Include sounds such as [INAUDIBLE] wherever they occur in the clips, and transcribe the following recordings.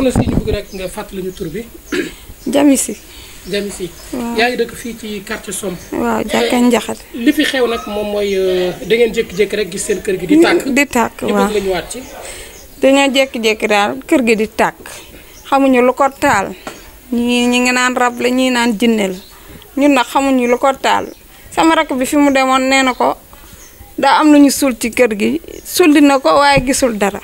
soxna si bëgg rek nga fàttali ñu tur bi. Ya si. Jami dëkk fii ci quartier Somme. waaw ya njaxate. Eh, li fi xew nag moom mooy eh, da ngeen jékki-jékki rek gis seen kër gi. di tàkk di tàkk waaw nga ñëwaat ci. dañoo jékki-jékki daal kër gi di xamuñu lu ko taal. ñi naan rab la naan ñun xamuñu lu ko taal. sama rakk bi fi mu demoon nee na am lu ñu ci dara.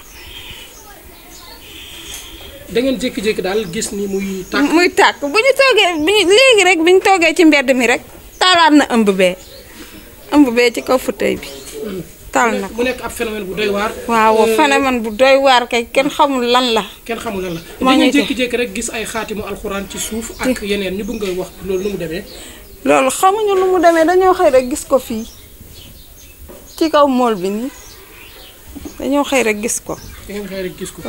da ngeen jékki-jékki daal gis ni muy. tàkk muy tàkk bu ñu toogee bu ñu léegi rek bi ñu toogee ci mbedd mi rek taalaat na ëmb bee ëmb bee ci kaw fauteuil bi. taal na ko mu nekk ab phénomène bu doy waar. waaw euh, phénomène bu doy waar kay kenn xamul lan la. kenn xamul lan la dañuy jékki-jékki rek gis ay xaatimu alxuraan ci suuf. ak yeneen ñu bëgg nga wax loolu lu mu demee. loolu xamuñu lu mu demee dañoo xëy rek gis ko fii ci kaw mool bi nii dañoo xëy rek gis ko. da gis ko.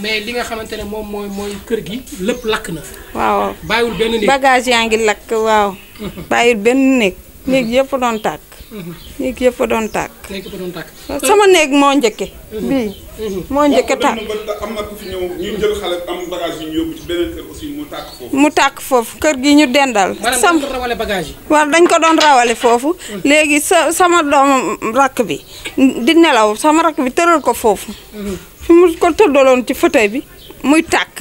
mais li nga xamante ne moom mooy mooy kër gi lépp lakk na. waaw bàyyiwul benn néeg yaa ngi lakk waaw. [LAUGHS] bàyyiwul benn néeg. Mhm. néeg yëpp doon tàkk. néeg yëpp doon tàkk. néeg yëpp sama néeg moo njëkke mhm. Mhm. moo njëkke tàkk am ñu jël mu tàkk foofu. kër gi ñu dendal. sam rawale bagage yi. waaw dañ ko doon rawale foofu. léegi sa sama doom rakk bi di nelaw sama rakk bi tëral ko foofu. fi mu ko tëddaloon ci fauteuil bi muy tàkk.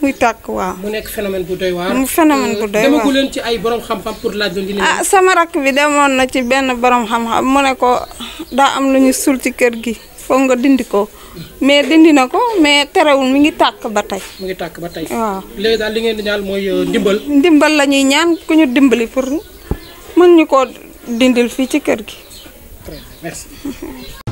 muy tàkk waaw. mu nekk phénomène bu doy waar. mu phénomène euh, leen ci ay borom xam pour laaj leen ah sama rakk bi demoon na ci benn borom xam-xam mu ne ko daa am lu suul ci kër gi foog nga dindi ko mais dindi na ko mais terewul mu ngi tàkk ba tey. mi ngi tàkk ba tey. waaw léegi daal li ngeen di ñaan mooy euh, ndimbal. ndimbal la ñuy ñaan ku ñu dimbali pour mën ñu ko dindil fii ci kër gi. [LAUGHS]